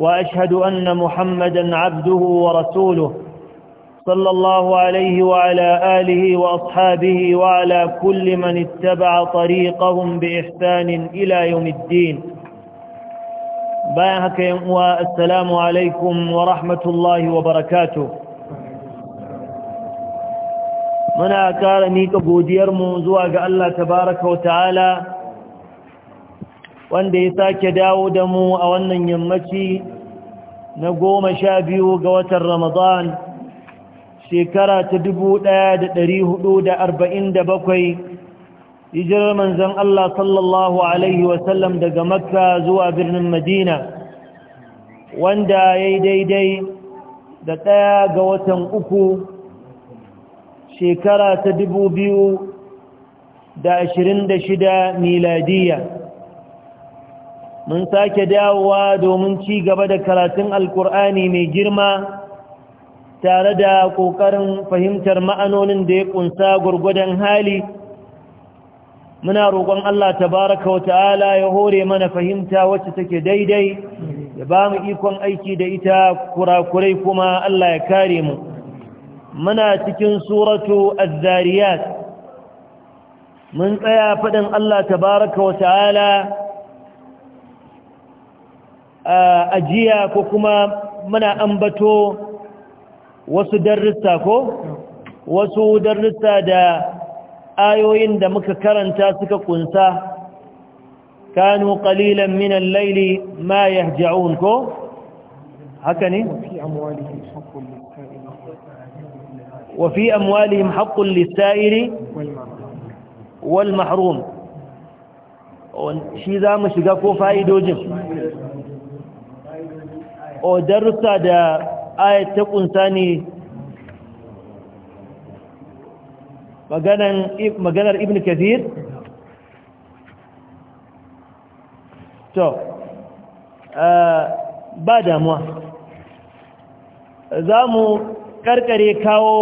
وأشهد أن محمدا عبده ورسوله صلى الله عليه وعلى آله وأصحابه وعلى كل من اتبع طريقهم بإحسان إلى يوم الدين باهك والسلام عليكم ورحمة الله وبركاته منا ƙara miƙa godiyarmu الله تبارك وتعالى tabaraka wanda ya sake dawo da mu a wannan yammaci na goma sha biyu ga watan ramadan shekara ta dubu ɗaya da ɗari hudu da arba'in da bakwai hijirar manzan Allah sallallahu Alaihi wasallam daga makka zuwa birnin madina wanda ya yi daidai da ɗaya ga watan uku shekara ta dubu biyu da ashirin da shida miladiyya mun sake dawowa domin ci gaba da karatun alkur'ani mai girma tare da ƙoƙarin fahimtar ma'anonin da ya ƙunsa gwargwadon hali muna roƙon Allah tabaraka wa ta'ala ya hore mana fahimta wacce take daidai ya ba mu ikon aiki da ita kurakurai kuma Allah ya kare mu muna cikin suratu az-zariyat mun tsaya faɗin Allah tabaraka wa ta'ala ajiya ko kuma muna ambato wasu darussa ko wasu darussa da ayoyin da muka karanta suka kunsa kanu qalilan min al-layli ma yahja'un ko haka ne wa fi amwalihim haqqun lis-sa'ili wal mahrum shi zamu shiga ko fa'idojin o da ayat ta kunsa ne maganar ibn kathir to ba damuwa za mu karkare kawo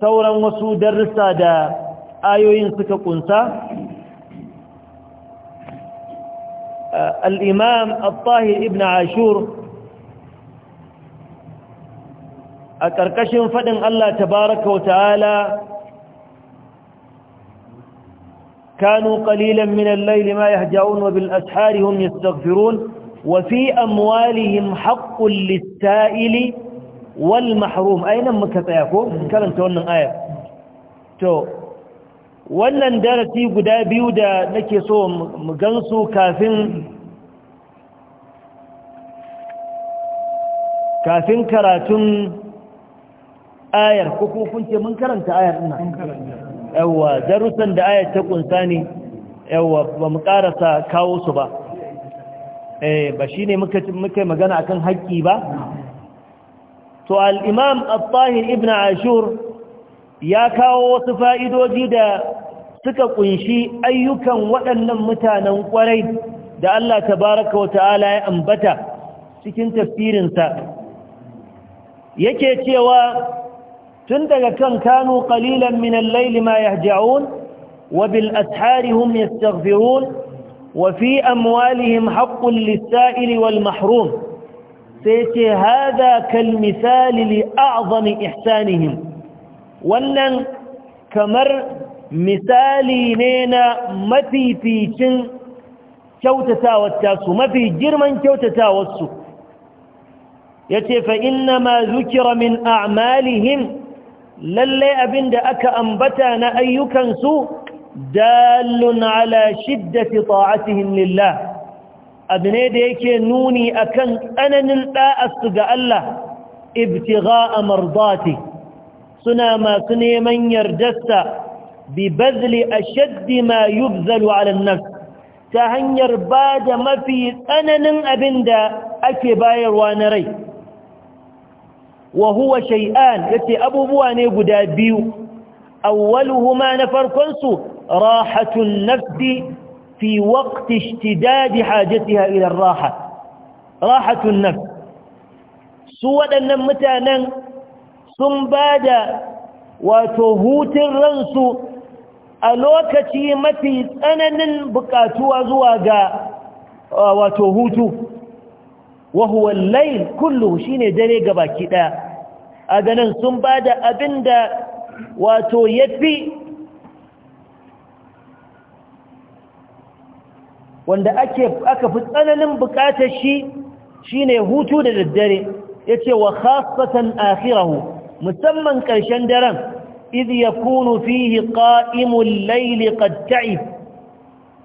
sauran wasu darussa da ayoyin suka kunsa الإمام tahir Ibn ashur a ƙarƙashin faɗin Allah tabaraka wa ta'ala kanu ƙalilan min al-layli ma yahja'un wa bil ashari hum yastaghfirun wa fi amwalihim wal mahrum muka tsaya ko karanta wannan aya to wannan darasi guda biyu da nake so mu gansu kafin kafin karatun ayar ko kuma kun ce mun karanta ayar ina yawa darussan da ayar ta kunsa ne yawa ba mu karasa kawo su ba eh ba shine muka muka magana akan haƙƙi ba to al-imam tahir ibn ashur ya kawo wasu fa'idoji da suka kunshi ayyukan waɗannan mutanen kwarai da Allah tabaraka wa ta'ala ya ambata cikin tafsirinsa yake cewa tun daga kan kanu qalilan min laili layli ma yahja'un wa bil ashari hum yastaghfirun wa fi amwalihim haƙƙun lis wal mahrum sai hada kal misali li a'zami ihsanihim wannan kamar misali ne na mafificin kyautatawar mafi girman kyautatawarsu ya ce fa inna ma zukira min a'malihim lalle abin da aka ambata na ayyukansu dalun ala shiddati ta'atihim lillah abu ne da yake nuni akan tsananin da'asu ga Allah ibtigha'a mardati suna masu neman yardarsa bi bazli ashaddi ma yubzalu ala an-nafs ta hanyar bada mafi tsananin abin da ake bayarwa na rai wa huwa shay'an yace abubuwa ne guda biyu awwaluhuma na farkon su rahatun nafsi fi waqti ishtidad hajatiha ila ar-raha rahatun su waɗannan mutanen sun bada wato hutun ransu a lokaci mafi tsananin bukatuwa zuwa ga uh, wato hutu wa huwa al-layl kulluhu shine dare gabaki daya a ganin sun bada abinda wato yafi wanda ake aka fi tsananin bukatar shi shine hutu da daddare yace wa khassatan akhirahu musamman karshen daren idh yakunu fihi qa'imul layl qad ta'ib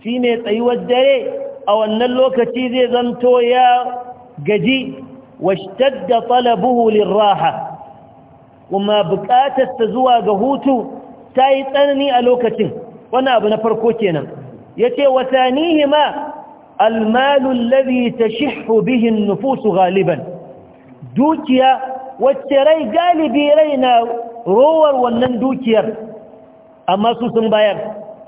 shine tsayuwar dare a wannan lokaci zai zanto ya gaji washtadda talabuhu liraha kuma buƙatar ta zuwa ga hutu ta yi tsanani a lokacin wani abu na farko kenan yace ya ni watanihi ma almalun labi ta shihu bihin nufusu galiban dukiya wacce rai galibi rai na rowar wannan dukiyar amma sun bayar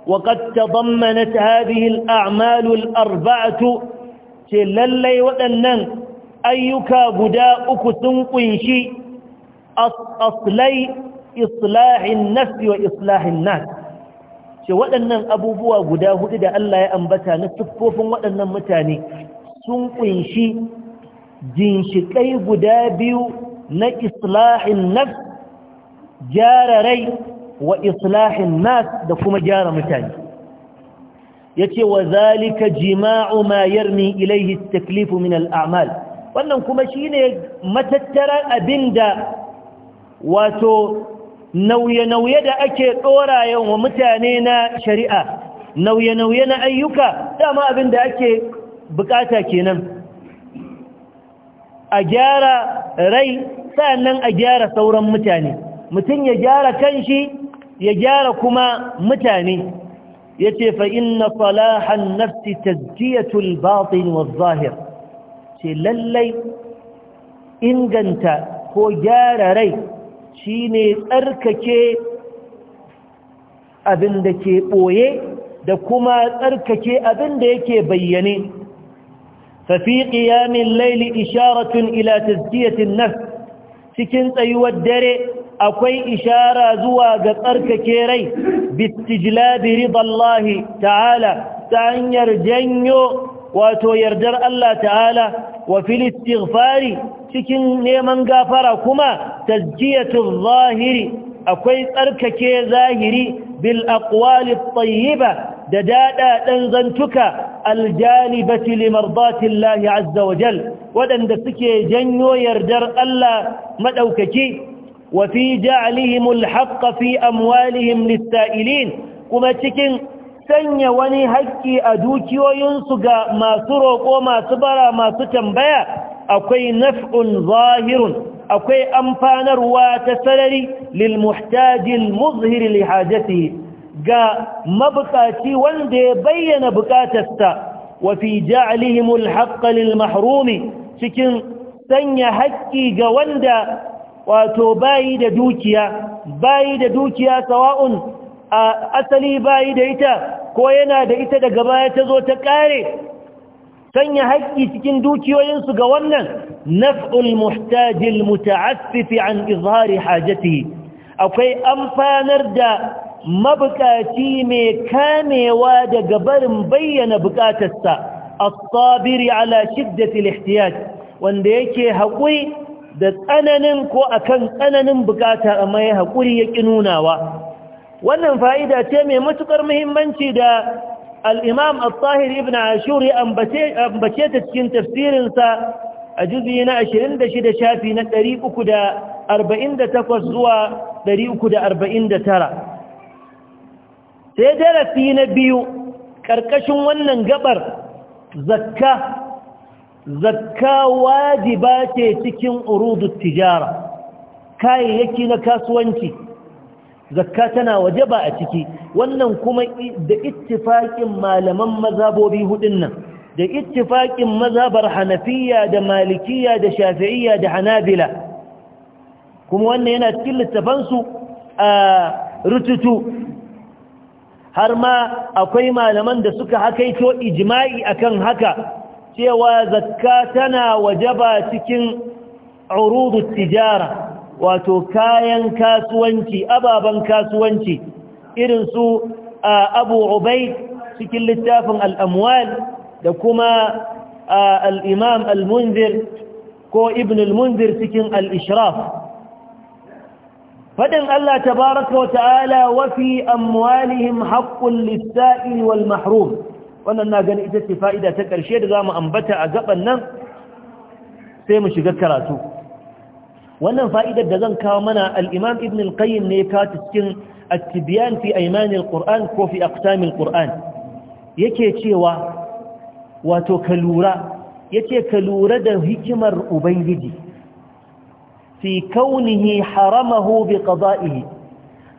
waƙatta zammanin ta hadihin a'malul arba'atu ce lallai waɗannan ayyuka guda uku sun kunshi aslai islahin nafsi wa islahin nas ce waɗannan abubuwa guda hudu da Allah ya ambata na siffofin waɗannan mutane sun kunshi ginshiƙai guda biyu na islahin nafs gyara rai wa islahin nas da kuma gyara mutane yace wa zalika jima'u ma yarmi ilayhi at-taklif min al'amal. amal wannan kuma shine abin abinda wato nauye-nauye da ake dorayen wa mutane na shari'a nauye-nauye na ayyuka dama abinda ake bukata kenan a gyara rai sannan a gyara sauran mutane mutum ya gyara kanshi ya gyara kuma mutane yace fa inna salahan nafsi tazkiyatul batin waz zahir ce lallai inganta ko gyara rai shine tsarkake abin da ke boye da kuma tsarkake abin da yake bayyane ففي قيام الليل ila إلى تزكية النفس cikin tsayuwar dare akwai ishara zuwa ga tsarkake rai bitijlabi ridallahi ta'ala ta hanyar janyo wato yardar Allah ta'ala wa fil cikin neman gafara kuma tazkiyatu zahiri akwai tsarkake zahiri bil aqwali tsayiba da dada dan zantuka aljalibati limardati Allah azza wa jal wadanda suke janyo yardar Allah madaukaki وفي جعلهم الحق في أموالهم للسائلين كما تكن sanya wani haƙƙi a dukiyoyinsu ga masu roƙo masu bara masu tambaya akwai naf'un zahirun akwai amfanarwa ta sarari lil muhtajil muzhir li hajatihi ga mabuƙaci wanda ya bayyana bukatarsa wa fi ja'lihim lil mahrumi cikin sanya haƙƙi ga wanda wato bayi da dukiya bayi da dukiya sawa'un asali bayi da ita ko yana da ita daga baya ta zo ta kare sanya haƙƙi cikin dukiyoyinsu ga wannan naf'ul muhtajil muta'assifi an izhari hajatihi akwai amfanar da mabukaci mai kamewa daga barin bayyana bukatarsa as-sabiri ala shiddati al-ihtiyaj wanda yake haƙuri da tsananin ko akan tsananin bukata amma ya haƙuri ya ƙi nunawa wannan fa'ida ce mai matuƙar muhimmanci da al'imam al-tahir ibn ashur ya ambace ta cikin tafsirinsa a juzi na 26 shafi na 348 zuwa 349 sai darasi na biyu ƙarƙashin wannan gabar zakka zakka wajiba ce cikin urudut tijara kayayyaki na kasuwanci zakka tana wajaba a ciki wannan kuma da ittifaqin malaman mazhabobi hudun nan da ittifaqin mazhabar hanafiya da malikiya da shafi'iyya da hanabila kuma wannan yana cikin su a rututu har ma akwai malaman da suka hakaito ijma'i akan haka cewa zakka tana wajaba cikin urudu tijara wato kayan kasuwanci ababen kasuwanci irin su abu ubaid cikin littafin al'amwal da kuma al'imam al-munzir ko ibn al-munzir cikin al'ishraf faɗin Allah tabaraka wa ta'ala wafi amwalihim haƙƙun lissa'il wal mahrum wannan na gani ita ce fa'ida ta ƙarshe da za mu ambata a gaban nan sai mu shiga karatu wannan fa'idar da zan kawo mana al'imam ibn al-qayyim ne ka cikin attibiyan fi aimanin ƙur'an ko fi aksamin ƙur'an yake cewa wato ka lura ya ce ka lura da hikimar ubangiji fi kaunihi haramahu bi ƙaza'ihi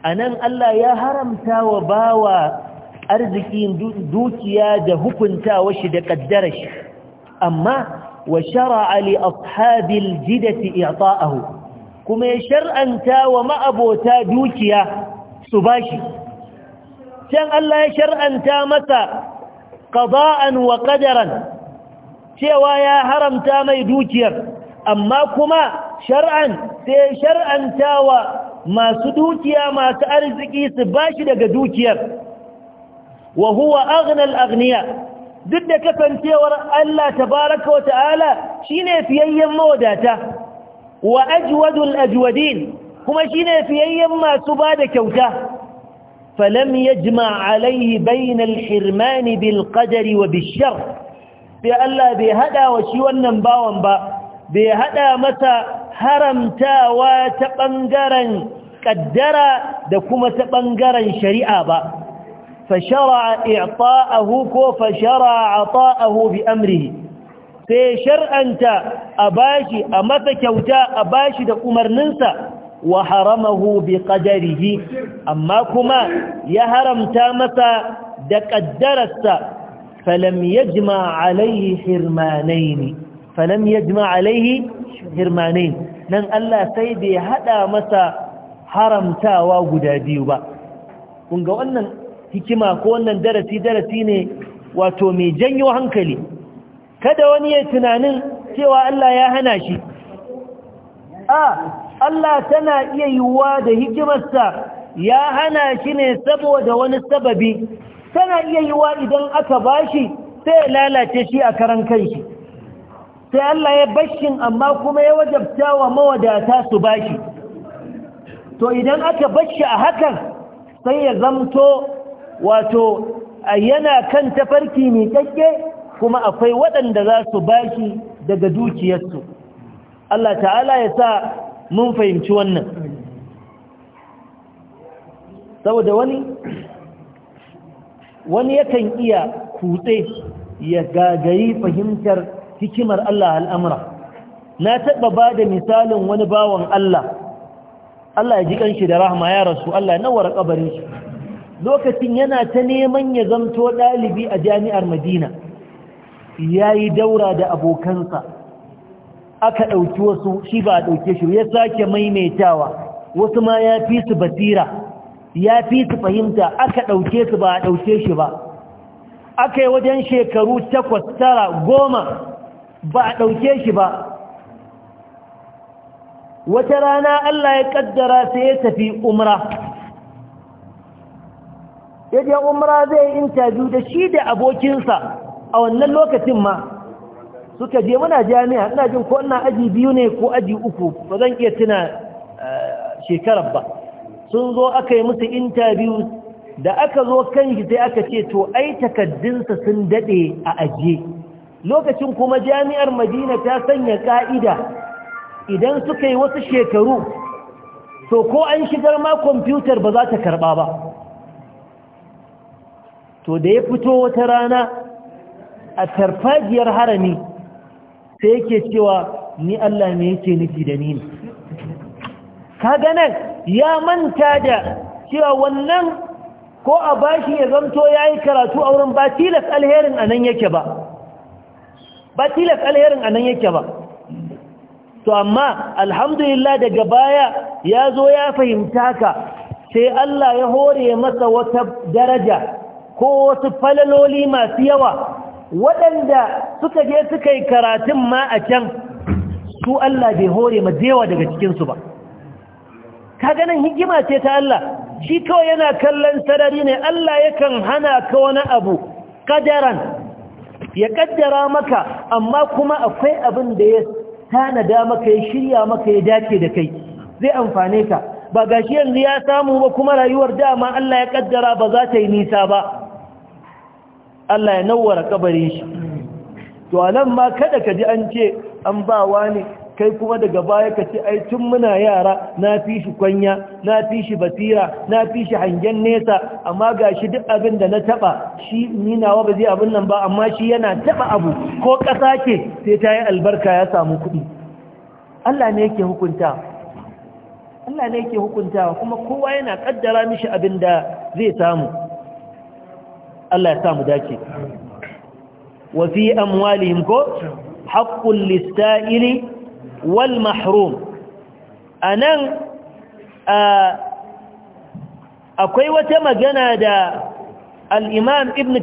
a nan Allah ya haramta wa bawa arzikin dukiya da hukuntawa shi da kaddara shi amma wa shar'a li ashabil jidati i'ta'ahu kuma ya shar'anta wa ma'abota dukiya su bashi can Allah ya shar'anta masa qada'an wa qadaran cewa ya haramta mai dukiyar amma kuma shar'an sai shar'antawa wa masu dukiya masu arziki su bashi daga dukiyar wa huwa aghna aghniya duk da kasancewar Allah tabaraka wa ta'ala shine fiyayyen mawadata wa ajwadul ajwadin kuma shine fiyayyen masu bada kyauta falam yajma alaihi bainal al-hirman bil qadari wa bil shar Allah bai hada wa shi wannan bawan ba bai hada masa haramtawa ta bangaren kaddara da kuma ta bangaren shari'a ba فشرع إعطاءه كو فشرع عطاءه بأمره sai shar'anta a bashi a masa kyauta a bashi da umarninsa wa haramahu bi qadarihi amma kuma ya haramta masa da kaddararsa falam yajma alayhi hirmanayn falam yajma alayhi hirmanayn nan Allah sai bai haɗa masa haramtawa guda biyu ba kun ga wannan hikima ko wannan darasi darasi ne wato mai janyo hankali kada wani ya tunanin cewa Allah ya hana shi a Allah tana iya yiwuwa da hikimarsa ya hana shi ne saboda wani sababi tana iya yiwuwa idan aka bashi sai ya lalace shi a karan kanshi sai Allah ya bashin amma kuma ya wajabta wa mawadata su bashi to idan aka bashi a hakan sai ya zamto wato yana kan tafarki mai kakke kuma akwai waɗanda za su bashi daga dukiyarsu Allah ta'ala ya sa mun fahimci wannan saboda wani wani yakan iya kutse ya gagayi fahimtar hikimar Allah al'amura na taɓa ba da misalin wani bawan Allah Allah ya ji ƙanshi da rahama ya rasu Allah na ƙabarin shi lokacin yana ta neman ya zamto ɗalibi a jami'ar madina ya yi daura da abokansa aka ɗauki wasu shi ba a ɗauke shi ya sake maimaitawa wasu ma ya fi su basira ya fi su fahimta aka ɗauke su ba a ɗauke shi ba aka yi wajen shekaru takwas tara goma ba a ɗauke shi ba wata rana Allah ya ƙaddara sai ya tafi umra ya je umara zai interview da shi da abokinsa a wannan lokacin ma suka je muna jami'a ina jin ko ina aji biyu ne ko aji uku ba zan iya tuna eh, shekarar ba sun zo aka yi musu interview da aka zo kan shi sai aka ce to ai takaddunsa sun dade a ajiye lokacin kuma jami'ar madina ta sanya ka'ida idan suka yi wasu shekaru to ko an shigar ma kwamfutar ba za ta karɓa ba to da ya fito wata rana a tarfajiyar harami sai yake cewa ni Allah ne yake nufi da ni kaga nan ya manta da cewa wannan ko a bashi ya ya yayi karatu a wurin ba tilas alherin anan yake ba ba tilas alherin anan yake ba to amma alhamdulillah daga baya ya zo ya fahimta ka sai Allah ya hore masa wata daraja ko wasu falaloli masu yawa waɗanda suka je suka yi karatun ma a can su Allah bai hore ma dewa daga cikinsu ba ka ganin hikima ce ta Allah shi kawai yana kallon sarari ne Allah yakan hana ka wani abu kadaran ya kaddara maka amma kuma akwai abin da ya tanada maka ya shirya maka ya dace da kai zai amfane ka ba gashi yanzu ya samu ba kuma rayuwar dama Allah ya kaddara ba za ta yi nisa ba Allah ya nawwara kabarin shi to anan ma kada ka ji an ce an ba wani kai kuma daga baya ka ce ai tun muna yara na fishi shi kwanya na fi basira na fi hangen nesa amma ga shi duk abin da na taba shi ninawa ba zai abin nan ba amma shi yana taba abu ko ƙasa ke sai ta yi albarka ya samu kuɗi Allah ne yake hukunta Allah ne yake hukuntawa kuma kowa yana kaddara mishi abin da zai samu Allah ya sa mu dace wa fi amwalihim ko haqqul lista'ili wal mahrum anan akwai wata magana da al-imam ibn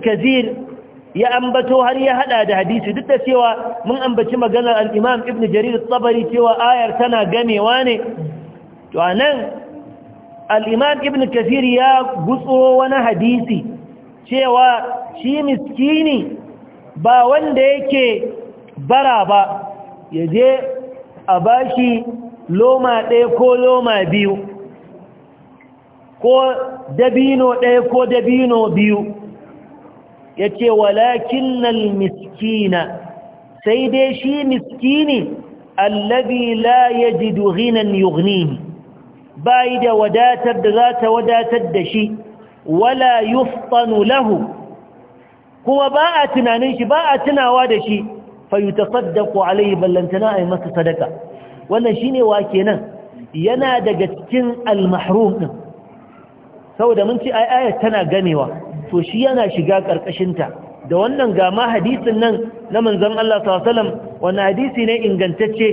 ya ambato har ya hada da hadisi duk da cewa mun ambaci maganar al-imam ibn jarir at-tabari cewa ayar tana gamewa ne to anan al-imam ibn kathir ya gutso wani hadisi cewa shi miskini ba wanda yake bara ba ya je a bashi loma ɗaya ko loma biyu ko dabino ɗaya ko dabino biyu ya ce walakin nal miskina sai dai shi miskini allabi la ya ji duhinan Ba yi da wadatar da za ta wadatar da shi wala yuftanu lahu kuma ba a tunanin shi ba a tunawa da shi fa yutasaddaqu alayhi ballantana ay masa sadaka wannan shine wa kenan yana daga cikin al-mahrum din saboda mun ci tana gamewa to shi yana shiga karkashin ta da wannan ga ma hadisin nan na manzon Allah sallallahu alaihi wasallam wannan hadisi ne ingantacce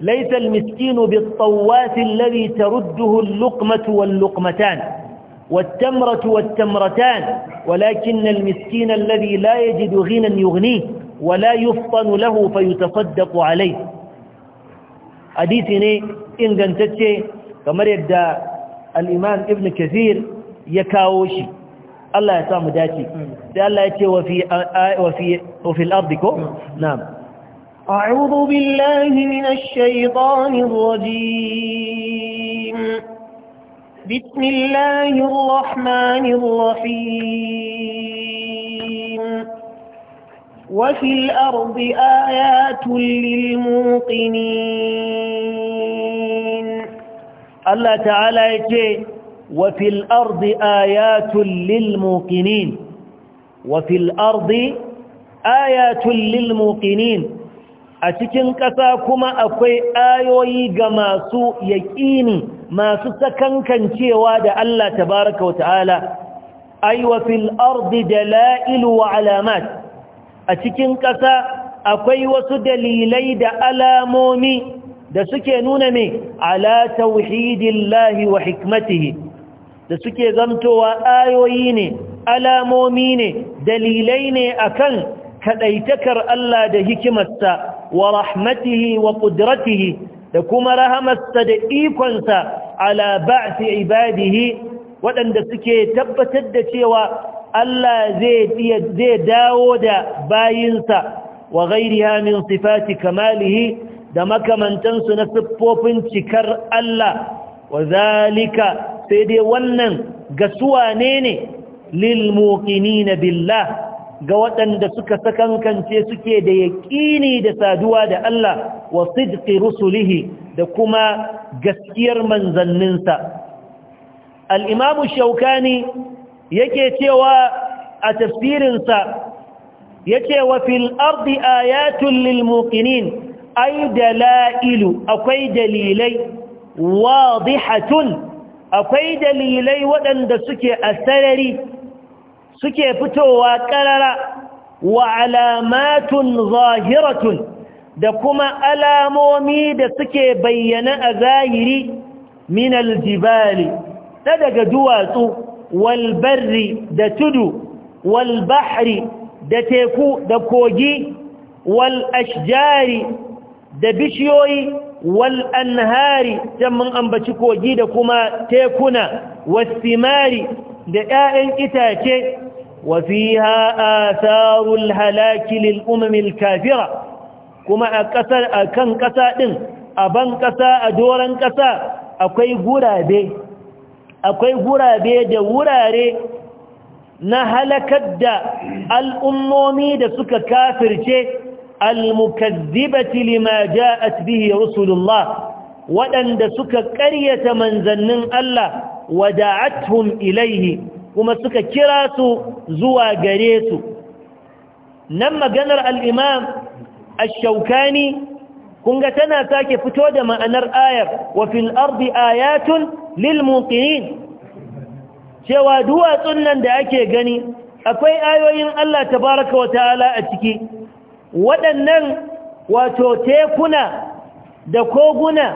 laysa miskinu bi tawwati alladhi tarudduhu al-luqmatu wal-luqmatan والتمرة والتمرتان ولكن المسكين الذي لا يجد غنى يغنيه ولا يفطن له فيتصدق عليه حديثني إن جنتك كما يبدا الإمام ابن كثير يكاوشي الله يسام ذاتي الله يتي وفي وفي وفي الأرض نعم أعوذ بالله من الشيطان الرجيم بسم الله الرحمن الرحيم وفي الأرض آيات للموقنين الله تعالى يجي وفي الأرض آيات للموقنين وفي الأرض آيات للموقنين أتكن كساكما أكوي آيوي جماسو يكيني masu sakankancewa da Allah tabaraka wa ta'ala aiwa fil ardi dalail wa alamat a cikin ƙasa akwai wasu dalilai da alamomi da suke nuna me ala tauhidillahi wa hikmatihi da suke zamtowa ayoyi ne alamomi ne dalilai ne akan kadaitakar Allah da hikimarsa wa rahmatihi wa qudratihi da kuma rahamarsa da ikonsa ala ba'si ibadihi waɗanda suke tabbatar da cewa Allah zai dawo da bayinsa wa ghairiha min sifati kamalihi da makamantansu na siffofin cikar Allah wa zalika sai dai wannan gasuwa ne ne lil muqinina billah ga waɗanda suka sakankance suke da yaƙini da saduwa da Allah wa sidqi rusulihi da kuma gaskiyar manzanninsa al-imamu shaukani yake cewa a tafsirinsa ce wa fil ardi ayatun lil ai da dalailu akwai dalilai wadihatun akwai dalilai waɗanda suke a sarari suke fitowa ƙarara wa alamatun zahiratun da kuma alamomi da suke bayyana a zahiri min aljibali ta daga duwatsu walbarri da tudu walbahri da teku da kogi walashjari da bishiyoyi wal'anhari can mun ambaci kogi da kuma tekuna wasimari da ‘ya'yan itace وفيها آثار الهلاك للأمم الكافرة كما أكسى أكن كسى إن أبن كسى أدورا كسى أكوي غرابي أكوي غرابي دوراري نهلكت دا الأمومي دا سكا كافر شيء المكذبة لما جاءت به رسل الله ودن دا سكا كرية منزنن الله ودعتهم إليه kuma suka kira su zuwa gare su nan maganar al'imam ashaukani kunga tana sake fito da ma'anar ayar wa fil ardi ayatun lil cewa duwatsun nan da ake gani akwai ayoyin Allah baraka wa ta'ala a ciki waɗannan wato tekuna da koguna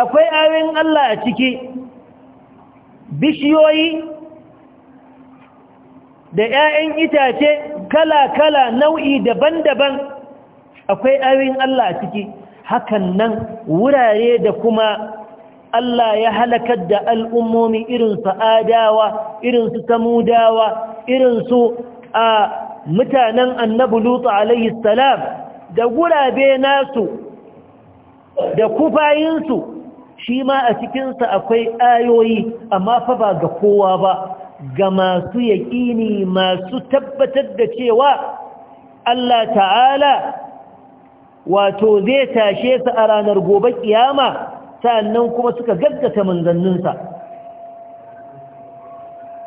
akwai ayoyin Allah a ciki bishiyoyi da 'ya'yan itace kala-kala nau'i daban-daban akwai ayoyin Allah a ciki hakan nan wurare da kuma Allah ya halakar da al'ummomi irinsu adawa irinsu samudawa irinsu a mutanen annabu lutu alayhi salam da gurabe nasu da kufayinsu shi ma a cikinsa akwai ayoyi amma fa ba ga kowa ba ga masu yaƙini masu tabbatar da cewa Allah ta'ala wato zai tashe su a ranar gobe iyama sannan kuma suka gaggata manzanninsa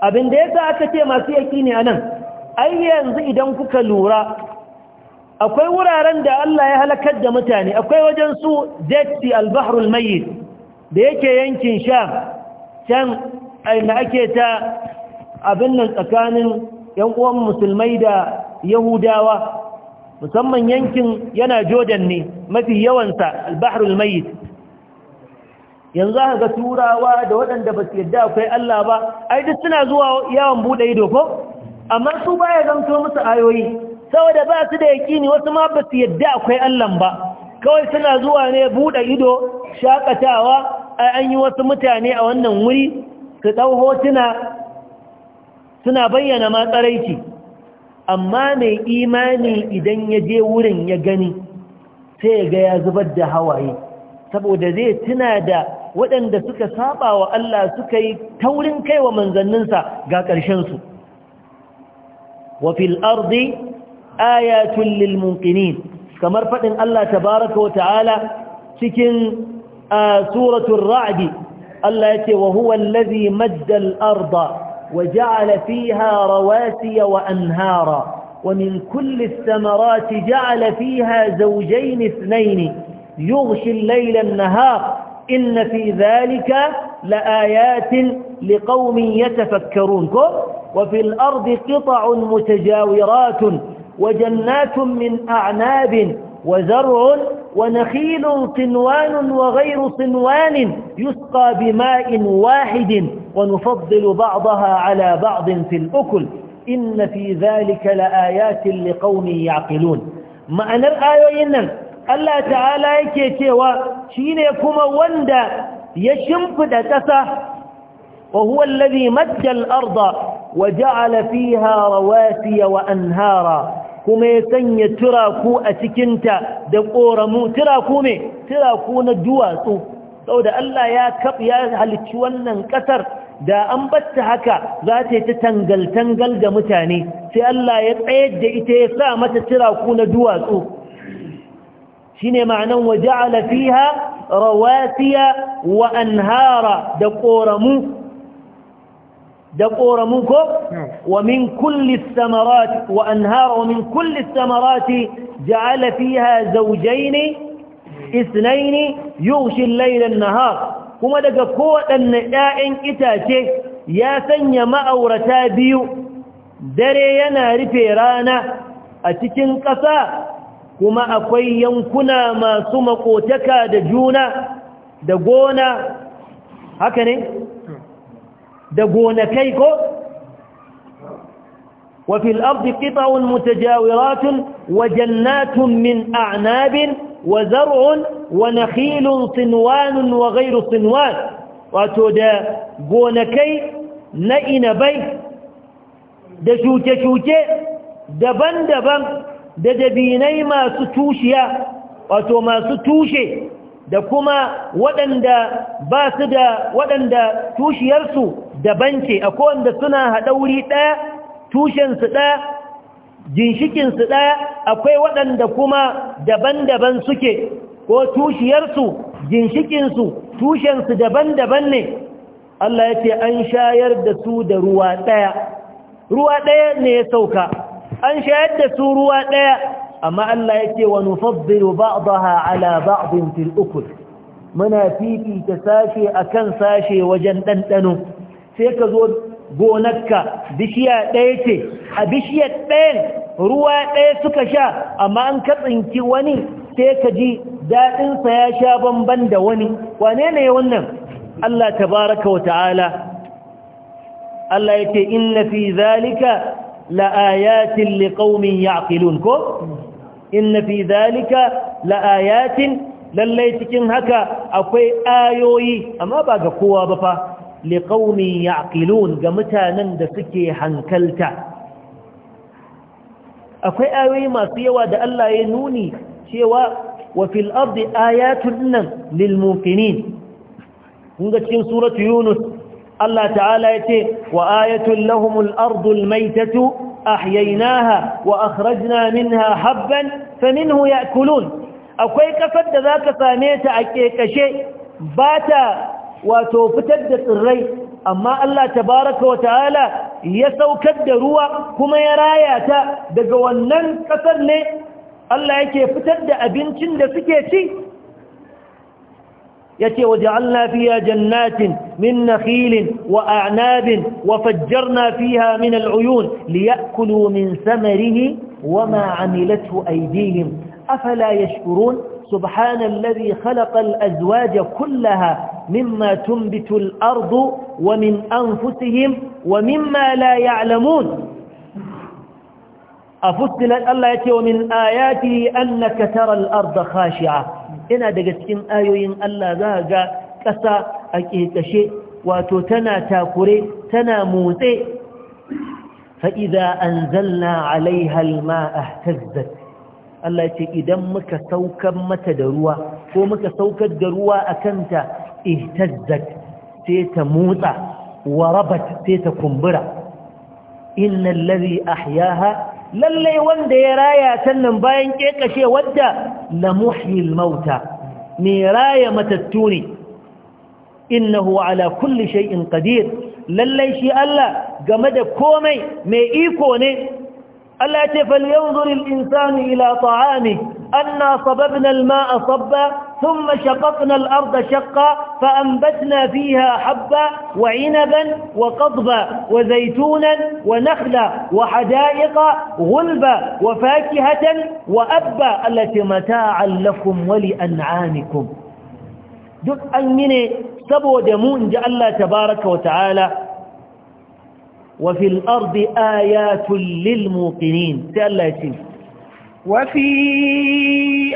abin da yasa aka ce masu yaƙini a nan yanzu idan kuka lura akwai wuraren da Allah ya halakar da mutane akwai wajen su jetti albahrul mayyit da yake yankin sha can aina ake ta abin nan tsakanin yan uwan musulmai da yahudawa musamman yankin yana jordan ne mafi yawansa albahrul mayit yanzu aka ga turawa da waɗanda ba su yadda akwai Allah ba ai duk suna zuwa yawon buɗe ido ko amma su baya zanto musu ayoyi saboda ba su da yaƙini wasu ma ba su yadda akwai Allah ba kawai suna zuwa ne buɗe ido shakatawa ai an yi wasu mutane a wannan wuri su ɗau hotuna suna bayyana ma amma mai imani idan ya je wurin ya gani sai ya ga ya zubar da hawaye saboda zai tuna da waɗanda suka saba wa Allah suka yi taurin kai wa manzanninsa ga ƙarshensu wafil ardi ayatun lil kamar faɗin Allah tabaraka wa ta'ala cikin suratun ra'adi Allah yace wa huwa allazi madda arda وجعل فيها رواسي وأنهارا ومن كل الثمرات جعل فيها زوجين اثنين يغشي الليل النهار إن في ذلك لآيات لقوم يتفكرون وفي الأرض قطع متجاورات وجنات من أعناب وزرع ونخيل صنوان وغير صنوان يسقى بماء واحد ونفضل بعضها على بعض في الأكل إن في ذلك لآيات لقوم يعقلون ما أنا الآية إن الله تعالى يكيكيوا شينيكم وندا يشمك كسه وهو الذي مد الأرض وجعل فيها رواسي وأنهارا kuma ya sanya turaku a cikinta da ƙoramu turaku ne turaku na duwatsu saboda Allah ya kaf ya halicci wannan ƙasar da an batta haka za ta yi ta tangal-tangal ga mutane sai Allah ya tsayar da ita ya sa mata turaku na duwatsu shine ne ma'anan waje alafiha rawasiya wa anhara da ƙoramu da koramu ko wa min kulli samarati wa anhar wa min kulli samarati ja'ala fiha zawjayn ithnayn yughshi al nahar kuma daga kowaɗanne yayan itace ya sanya ma'aurata biyu dare yana rufe rana a cikin ƙasa kuma akwai yankuna masu makotaka da juna da gona haka ne da كيكو وفي الأرض قطع متجاورات وجنات من أعناب وزرع ونخيل صنوان وغير صنوان وتودا غونكي نئنبي da shuke-shuke daban دبن da dabinai masu tushiya wato masu tushe da kuma waɗanda ba su da waɗanda tushiyarsu daban ce akwai wanda suna haɗa wuri ɗaya tushensu ɗaya ginshikinsu ɗaya akwai waɗanda kuma daban-daban suke ko tushiyarsu ginshikinsu tushensu daban-daban ne Allah ya ce an shayar da su da ruwa ɗaya ruwa ɗaya ne ya sauka an shayar da su ruwa ɗaya amma Allah yake wa nufaddilu ba'daha ala ba'din fil ukul muna fifi ta sashe akan sashe wajen dandano sai ka zo gonarka bishiya ɗaya ce a bishiyar ɗayan ruwa ɗaya suka sha amma an katsinki wani sai ka ji daɗinsa ya sha bamban da wani wane ne wannan Allah tabaraka wa ta'ala Allah ya ce inna fi zalika la'ayatin liqaumin ya'qilun ko inna fi zalika laayatin lallai cikin haka akwai ayoyi amma ba ga kowa ba fa liqaumin yaqilun ga mutanen da suke hankalta akwai ayoyi masu yawa da Allah ya nuni cewa wa fil ardi ayatun nan lil muqinin kunga cikin suratu yunus Allah ta'ala yace wa ayatun lahumul ardul maitatu أحييناها وأخرجنا منها حبا فمنه يأكلون أكوي كفد ذاك فاميت أكيك شيء باتا وتوفتدت الري أما الله تبارك وتعالى يسوكد روى كما يراياتا دقوانا كفر لي Allah yake fitar da abincin da suke ci يأتي وجعلنا فيها جنات من نخيل وأعناب وفجرنا فيها من العيون ليأكلوا من ثمره وما عملته أيديهم أفلا يشكرون سبحان الذي خلق الأزواج كلها مما تنبت الأرض ومن أنفسهم ومما لا يعلمون أفصلت الله يتي ومن آياته أنك ترى الأرض خاشعة yana daga cikin ayoyin Allah za ga ƙasa a ƙeƙashe wato tana takure tana motse fa'iza an zalna alaihal ma'ahtazzat Allah ce idan muka saukar mata da ruwa ko muka saukar da ruwa a kanta ihtazzat sai ta motsa wa rabat sai ta kumbura innan lari ahyaha Lallai wanda ya raya sannan bayan kekashe wadda la muhyil mauta me raya matattu ne innahu ala kulli shay'in qadir lallai shi Allah game da komai mai iko ne التي فلينظر الإنسان إلى طعامه أنا صببنا الماء صبا ثم شققنا الأرض شقا فأنبتنا فيها حبا وعنبا وقضبا وزيتونا ونخلا وحدائق غلبا وفاكهة وأبا التي متاعا لكم ولأنعامكم دعا من سبو دمون جعل الله تبارك وتعالى وفي الأرض آيات للموقنين ثلاثة وفي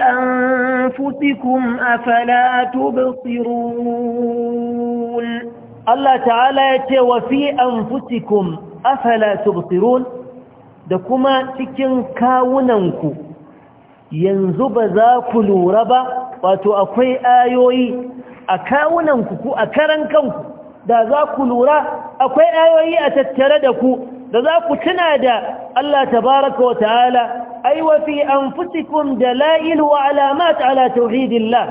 أنفسكم أفلا تبصرون الله تعالى يتي وفي أنفسكم أفلا تبصرون دكما تكن كاوننكو ينزب ذاك لوربا وتأقوي آيوي أكاوننكو أكرنكنكو da za ku lura akwai ayoyi a tattare da ku da za ku tuna da Allah tabaraka wa ta'ala ai wa fi anfusikum dalail wa alamat ala tauhidillah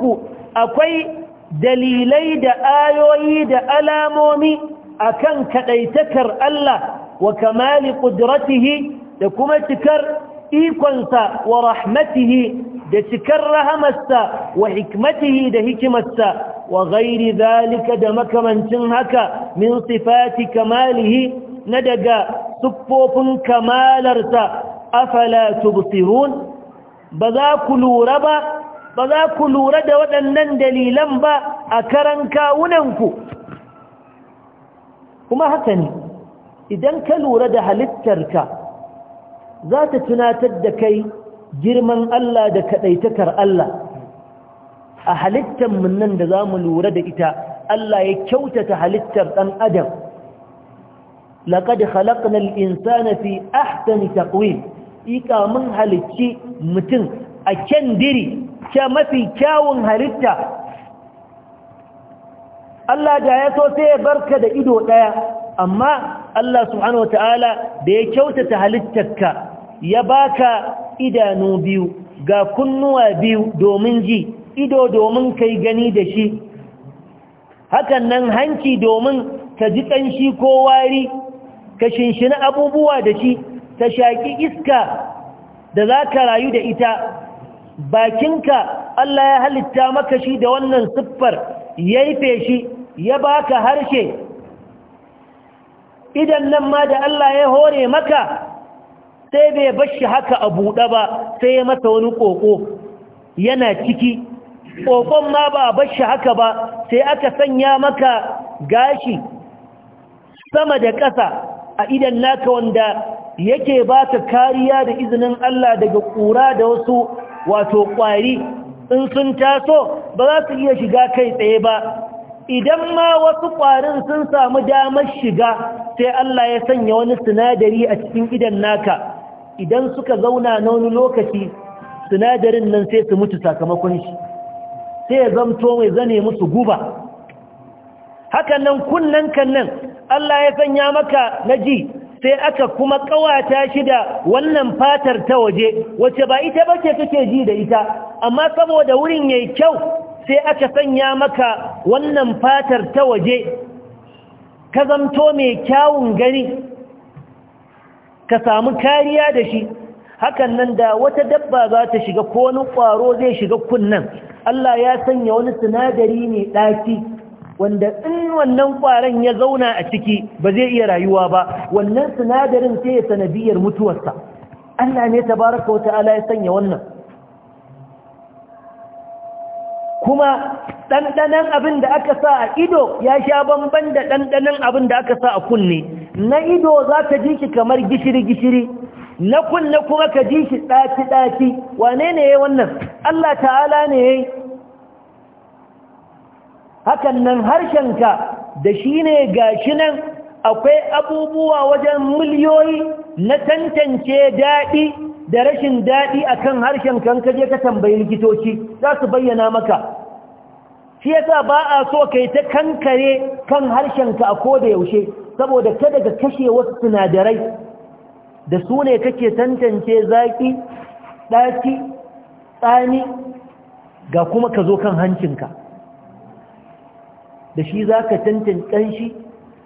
ku akwai dalilai da ayoyi da alamomi akan kadaitakar Allah wa kamali qudratihi da kuma cikar ikonsa wa rahmatihi da cikar rahamarsa wa hikmatihi da hikimarsa wa ghairi zalika da makamancin haka min sifati kamalihi na daga sufofin kamalarsa afala tubsirun ba za lura ba za ku lura da waɗannan dalilan ba a karan kawunanku kuma haka ne idan ka lura da halittarka za ta tunatar da kai girman Allah da kaɗaitakar Allah a halittar mun nan da za mu lura da ita Allah ya kyautata halittar ɗan adam laƙad halaƙanar insana fi ahsani taƙwim ika mun halicci mutum a can diri kya mafi kyawun halitta Allah da ya so sai ya barka da ido ɗaya amma Allah subhanahu ta'ala da ya kyautata halittarka ya baka idanu biyu ga kunnuwa biyu domin ji ido domin kai gani da shi hakan nan hanci domin ka ji ƙanshi ko wari ka shinshina abubuwa da shi ta shaƙi iska da za ka rayu da ita bakinka Allah ya halitta maka shi da wannan siffar ya yi shi ya baka harshe idan nan ma da Allah ya hore maka sai bai bashi haka a buɗe ba sai ya masa wani ƙoƙo yana ciki ƙoƙon ma ba a bashi haka ba sai aka sanya maka gashi sama da ƙasa a idan naka wanda yake ba ta kariya da izinin Allah daga ƙura da wasu wato ƙwari in sun taso ba za su iya shiga kai tsaye ba idan ma wasu ƙwarin sun samu damar shiga sai Allah ya sanya wani sinadari a cikin idan naka idan suka zauna na wani lokaci sinadarin nan sai su mutu sakamakon shi sai ya zamto mai zane musu guba hakan nan kunnen kannan Allah ya sanya maka naji sai aka kuma kawata shi da wannan fatar ta waje wacce ba ita bace kake ji da ita amma saboda wurin yayi kyau sai aka sanya maka wannan fatar ta waje ka zamto mai kyawun gani ka samu kariya da shi hakan nan da wata dabba za ta shiga ko wani ƙwaro zai shiga kunnan Allah ya sanya wani sinadari mai ɗaci wanda in wannan ƙwaron ya zauna a ciki ba zai iya rayuwa ba wannan sinadarin sai ya sanadiyar mutuwarsa Allah ne tabaraka wa ta'ala ya sanya wannan kuma ɗanɗanon abin da aka sa a ido ya sha bamban da ɗanɗanon abin da aka sa a kunne na ido za ta ji shi kamar gishiri-gishiri na kunna kuma ka ji shi ɗafi ɗafi. wane ne ya wannan Allah ta'ala ne ya hakan nan ka da shi ne gashi nan akwai abubuwa wajen miliyoyi na tantance daɗi da rashin daɗi a kan harshenka ka je ka tambayi likitoci za su bayyana maka shi yasa ba a so kai ta kankare kan harshenka a koda yaushe saboda kada ka kashe wasu sinadarai da su ne kake tantance zaki ɗaci tsani ga kuma ka zo kan hancinka da shi za ka tantance ƙanshi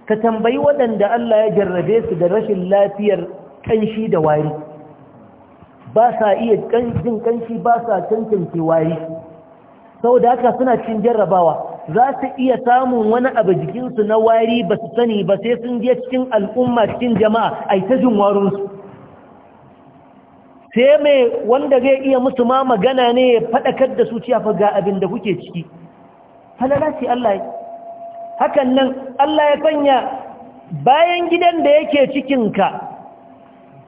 ka tambayi waɗanda Allah ya jarrabe su da rashin lafiyar ƙanshi da wari ba sa iya jin ƙanshi ba sa tantance wari sau da suna cin jarrabawa za su iya samun wani abu jikinsu na wari ba su sani ba sai sun je cikin al'umma cikin jama'a a yi ta jin warinsu sai mai wanda zai iya musu ma magana ne ya faɗakar da su ciya ga abin da kuke ciki halala ce Allah hakan nan Allah ya sanya bayan gidan da yake cikinka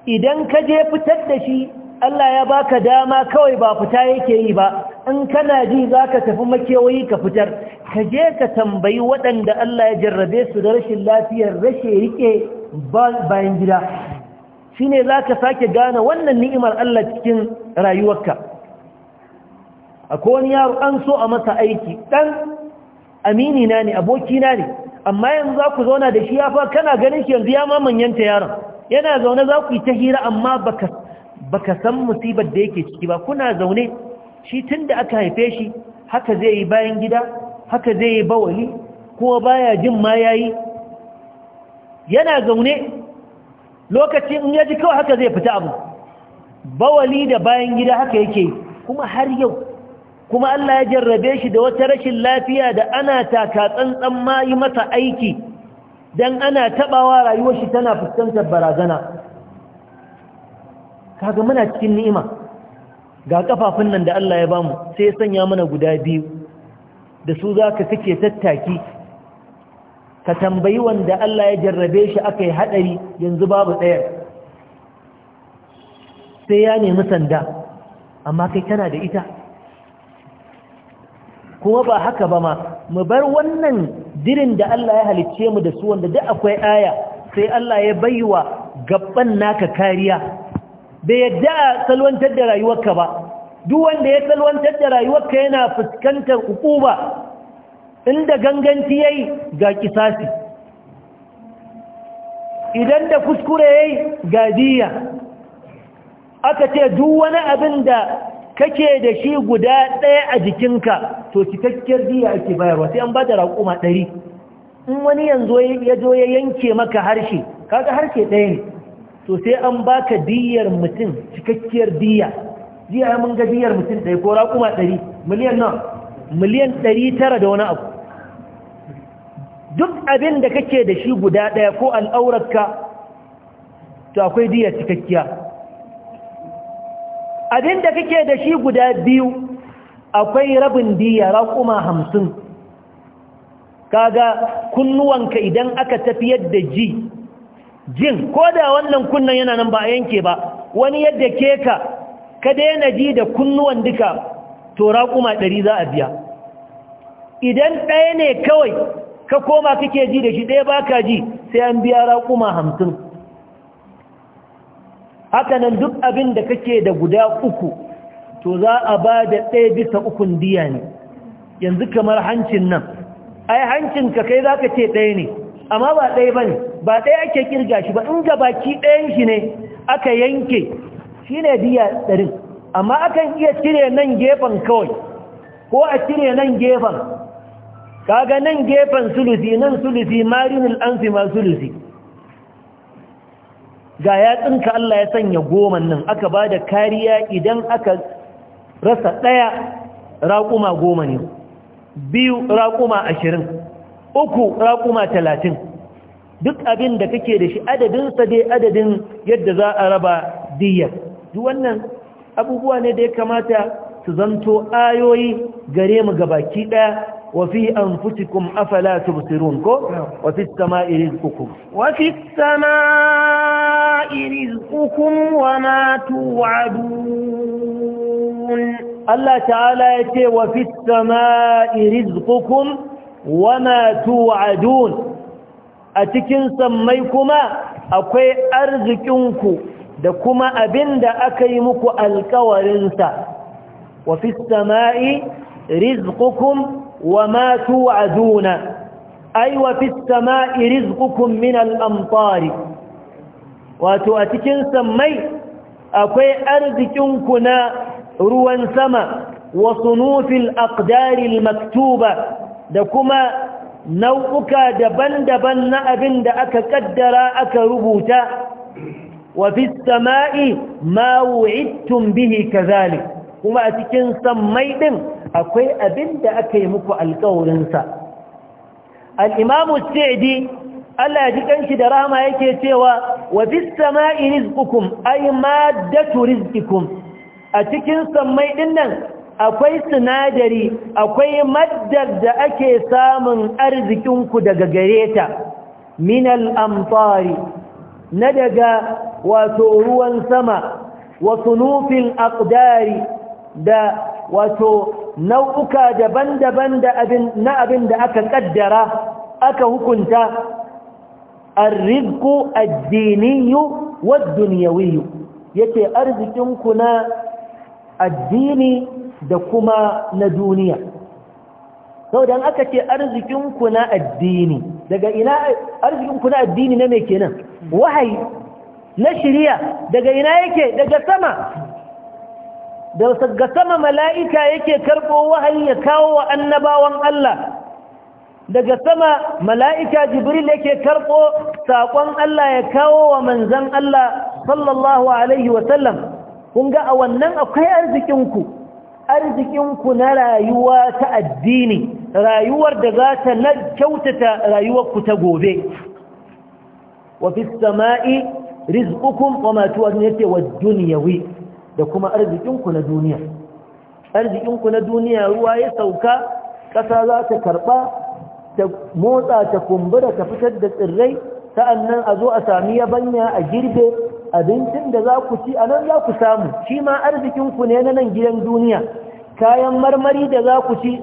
idan ka je fitar da shi Allah ya baka dama kawai ba fita yake yi ba in kana ji za ka tafi makewayi ka fitar ka je ka tambayi waɗanda Allah ya jarrabe su da rashin lafiyar rashe rike bayan gida shi ne za ka sake gane wannan ni'imar Allah cikin rayuwarka akwai wani yaro an so a masa aiki ɗan amini na ne abokina ne amma yanzu za ku zauna da shi ya fa kana ganin shi yanzu ya mamanyanta yaron yana zaune za ku yi ta hira amma baka san musibar da yake ciki ba kuna zaune shi tun da aka haife shi haka zai yi bayan gida haka zai yi bawali kuma baya jin ma yayi yana zaune lokacin in ya ji kawai haka zai fita abu bawali da bayan gida haka yake kuma har yau kuma Allah ya jarrabe shi da wata rashin lafiya da ana taka tsantsan ma yi masa aiki dan ana tabawa rayuwar shi tana fuskantar barazana kaga muna cikin ni'ima ga kafafun nan da Allah ya bamu sai ya sanya mana guda biyu da su zaka kake tattaki ka tambayi wanda Allah ya jarrabe shi aka yi haɗari yanzu babu ɗaya sai ya nemi sanda amma kai kana da ita kuma ba haka ba ma mu bar wannan dirin da Allah ya halicce mu da su wanda duk akwai aya sai Allah ya baiwa gabban naka kariya bai yadda a salwantar da rayuwarka ba duk wanda ya salwantar da rayuwarka yana fuskantar hukuba inda ganganci yayi ga kisasi idan da kuskure yayi ga diya aka ce duk wani abin da kake da shi guda ɗaya a jikinka to cikakkiyar diya ake bayarwa sai an ba da raƙuma ɗari in wani yanzu ya zo ya yanke maka harshe kaga harshe ɗaya ne to sai an baka diyar mutum cikakkiyar diya jiya mun ga diyar mutum ɗaya ko raƙuma ɗari miliyan nan miliyan ɗari tara da wani abu duk abin da kake da shi guda ɗaya ko al'aurarka to akwai diya cikakkiya abin da kake da shi guda biyu akwai rabin diya raƙuma hamsin kaga kunnuwanka idan aka tafiyar da ji jin ko da wannan kunnan yana nan ba a yanke ba wani yadda ke ka ka daina ji da kunnuwan duka to raƙuma ɗari za a biya idan ɗaya ne kawai ka koma kake ji da shi ɗaya baka ji sai an biya raƙuma hamsin haka nan duk abin da kake da guda uku to za a ba da ɗaya bisa ukun diya yanzu kamar hancin nan ai hancin ka kai zaka ce ɗaya ne amma ba ɗaya ba ne ba ɗaya ake ƙirga shi ba in baki ɗayan shi ne aka yanke shi ne biya ɗarin amma akan iya cire nan gefen kawai ko a cire nan gefen kaga nan gefen sulusi nan sulusi marinul an fi ma sulusi ga yatsinka Allah ya sanya goman nan aka ba da kariya idan aka rasa ɗaya raƙuma goma ne biyu raƙuma ashirin uku raƙuma talatin duk abin da kake da shi adadinsa dai adadin yadda za a raba diyya. duk wannan abubuwa ne da ya kamata su zanto ayoyi gare mu gabaki ɗaya وفي أنفسكم أفلا تبصرون وفي السماء رزقكم وفي السماء رزقكم وما توعدون الله تعالى wa fi السماء رزقكم wama tu'adun a cikin sammai kuma akwai arzikinku da kuma abinda aka yi muku alkawarinsa wa fi sama'i rizqukum wama tu'aduna ay wa fi sama'i rizqukum min al-amtari wato a cikin sammai akwai arzikinku na ruwan sama wa sunufil aqdari al-maktuba da kuma nau'uka daban-daban na abin da aka kaddara aka rubuta wa fi sama'i ma wu'idtum bihi kazali. kuma a cikin sammai din akwai abin da aka yi muku alkawarinsa sa al Allah ya ji kanshi da rahama yake cewa wa fi sama'i rizqukum ay maddatu rizqikum a cikin sammai din nan akwai sinadari akwai maddar da ake samun arzikinku daga gare ta minal amtari na daga wato ruwan sama wasu nufin akudari da wato nau'uka daban-daban na abin da aka kaddara aka hukunta arrizku addiniyu wadda yake arzikinku na addini da kuma na duniya sau don aka ce arzikinku na addini daga ina arzikinku na addini na mai kenan wahayi na shirya daga ina yake daga sama daga sama mala'ika yake karɓo wahayi ya kawo wa annabawan Allah daga sama mala'ika jibril yake karɓo saƙon Allah ya kawo wa manzan Allah sallallahu Alaihi wasallam kun ga a wannan akwai arzikinku arzikinku na rayuwa ta addini rayuwar da za ta kyautata rayuwarku ta gobe wa fi sama'i rizqukum wa ma tu'adun wa da kuma arzikinku na duniya arzikinku na duniya ruwa ya sauka ƙasa za ta karɓa ta motsa ta kumbura ta fitar da tsirrai sa'annan a zo a sami yabanya a girbe abincin da za ku ci a nan za ku samu shi ma arzikinku ne na nan gidan duniya kayan marmari da za ku ci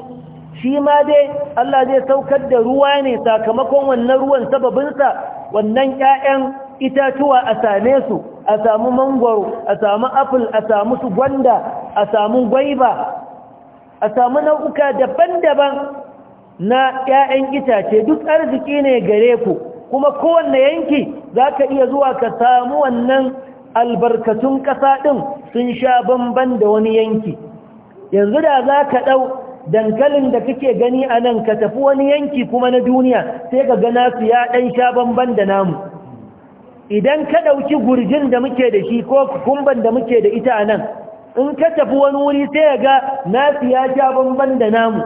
shi ma dai Allah zai saukar da ruwa ne sakamakon wannan ruwan sababinsa wannan ƴaƴan itatuwa a same su a samu mangwaro a samu apple a samu su gwanda a samu gwaiba a samu nau'uka daban-daban na ƴaƴan itace duk arziki ne gare ku kuma kowanne yanki za ka iya zuwa ka samu wannan albarkatun ƙasa ɗin sun sha bamban da wani yanki yanzu da za ka ɗau dankalin da kake gani a nan ka tafi wani yanki kuma na duniya sai ka gana su ya ɗan sha bamban da namu idan ka ɗauki gurjin da muke da shi ko kumban da muke da ita a nan in ka tafi wani wuri sai ya ga nasu ya sha bamban da namu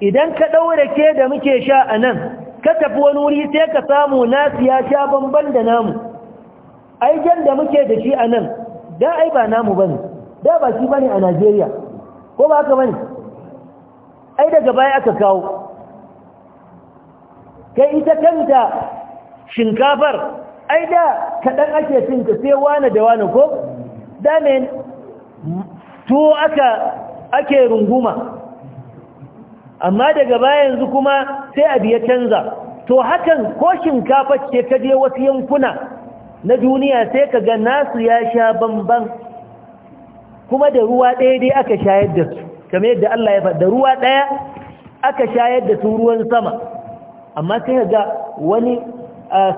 idan ka ɗaure ke da muke sha a nan ka tafi wani wuri sai ka samu nasu ya sha bamban da namu ai da muke da shi a nan da ai ba namu ba ne da ba shi ba ne a najeriya ko ba haka ba ne ai daga baya aka kawo kai ita kanta shinkafar ai da kaɗan ake cinta sai wane da wane ko da ne tuwo aka ake runguma amma daga baya yanzu kuma sai abu ya canza to hakan ko shinkafa ce ka je wasu yankuna na duniya sai ka ga nasu ya sha bamban kuma da ruwa ɗaya dai aka shayar da su kamar yadda Allah ya faɗa ruwa ɗaya aka shayar da su ruwan sama amma sai ga wani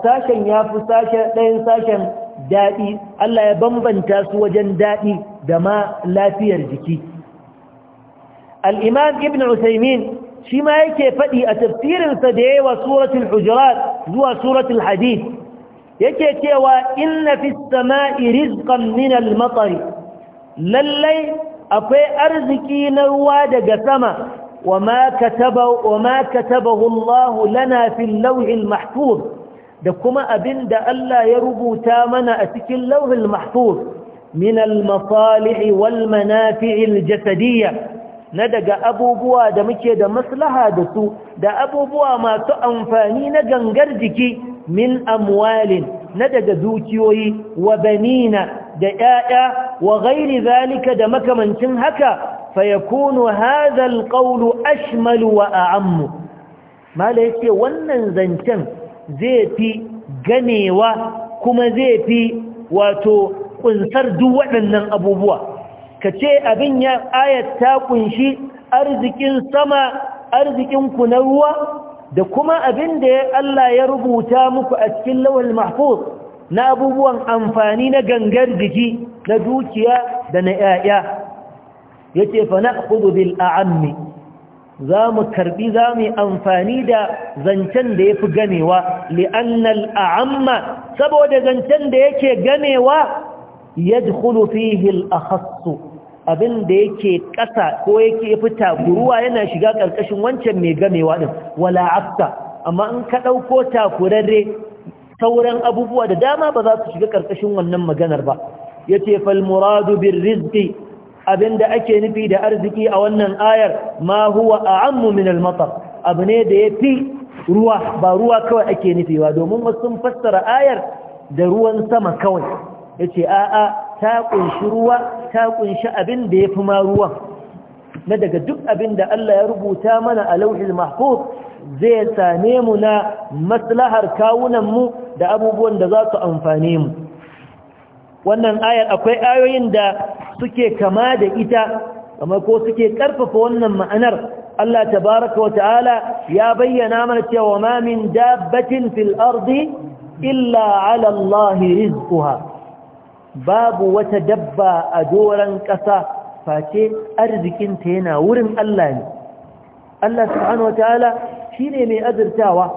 sashen ya fi sashen ɗayan sashen daɗi Allah ya bambanta su wajen daɗi da ma lafiyar jiki al'imam ibn usaimin shi ma yake faɗi a tafsirinsa da yawa suratul hujurat zuwa suratul hadid yake cewa inna fis sama'i rizqan min al matar lallai akwai arziki na ruwa daga sama wa ma wama katabahu Allah lana fin lawhil mahfuz da kuma abinda Allah ya rubuta mana a cikin lauhin mahfuz min al masalih wal manafi' al jasadiyya na daga abubuwa da muke da maslaha da su da abubuwa masu amfani na gangar jiki min amwalin na daga dukiyoyi wa banina da 'ya'ya wa ghairi zalika da makamancin haka fayakunu hadha ƙaulu ashmalu wa a'ammu mala yace wannan zancen zai fi ganewa kuma zai fi wato kunsar duk waɗannan abubuwa ka ce abin ya ayat ta kunshi arzikin sama arzikin ku na ruwa da kuma abin da Allah ya rubuta muku a cikin lawal mahfuz na abubuwan amfani na gangar jiki na dukiya da na yaya yace fa na'khudhu bil a'ammi za mu karbi za mu amfani da zancen da yafi ganewa li'annal a'amma saboda zancen da yake ganewa yadkhulu fihi al-akhass abin da yake ƙasa ko yake fita guruwa yana shiga karkashin wancan mai gamewa din wala afta amma in ka ɗauko takurarre sauran abubuwa da dama ba za su shiga karkashin wannan maganar ba yace falmuradu bin abinda ake nufi da arziki a wannan ayar ma huwa a ammu min almatar abu ne da ya fi ruwa ba ruwa kawai ake nufi ba domin wasu fassara ayar da ruwan sama kawai ya ce a'a ta kunshi ruwa ta kunshi abin da ya fi ma ruwan na daga duk abin da Allah ya rubuta mana a lauhin mahfuz zai same mu na maslahar kawunanmu da abubuwan da za su amfane mu wannan ayar akwai ayoyin da suke kama da ita kamar ko suke karfafa wannan ma'anar Allah tabaraka wa ta'ala ya bayyana mana cewa ma min dabbatin fil ardi illa ala Allah rizquha babu wata dabba a doron ƙasa face arzikinta yana wurin Allah ne Allah subhanahu shi shine mai azurtawa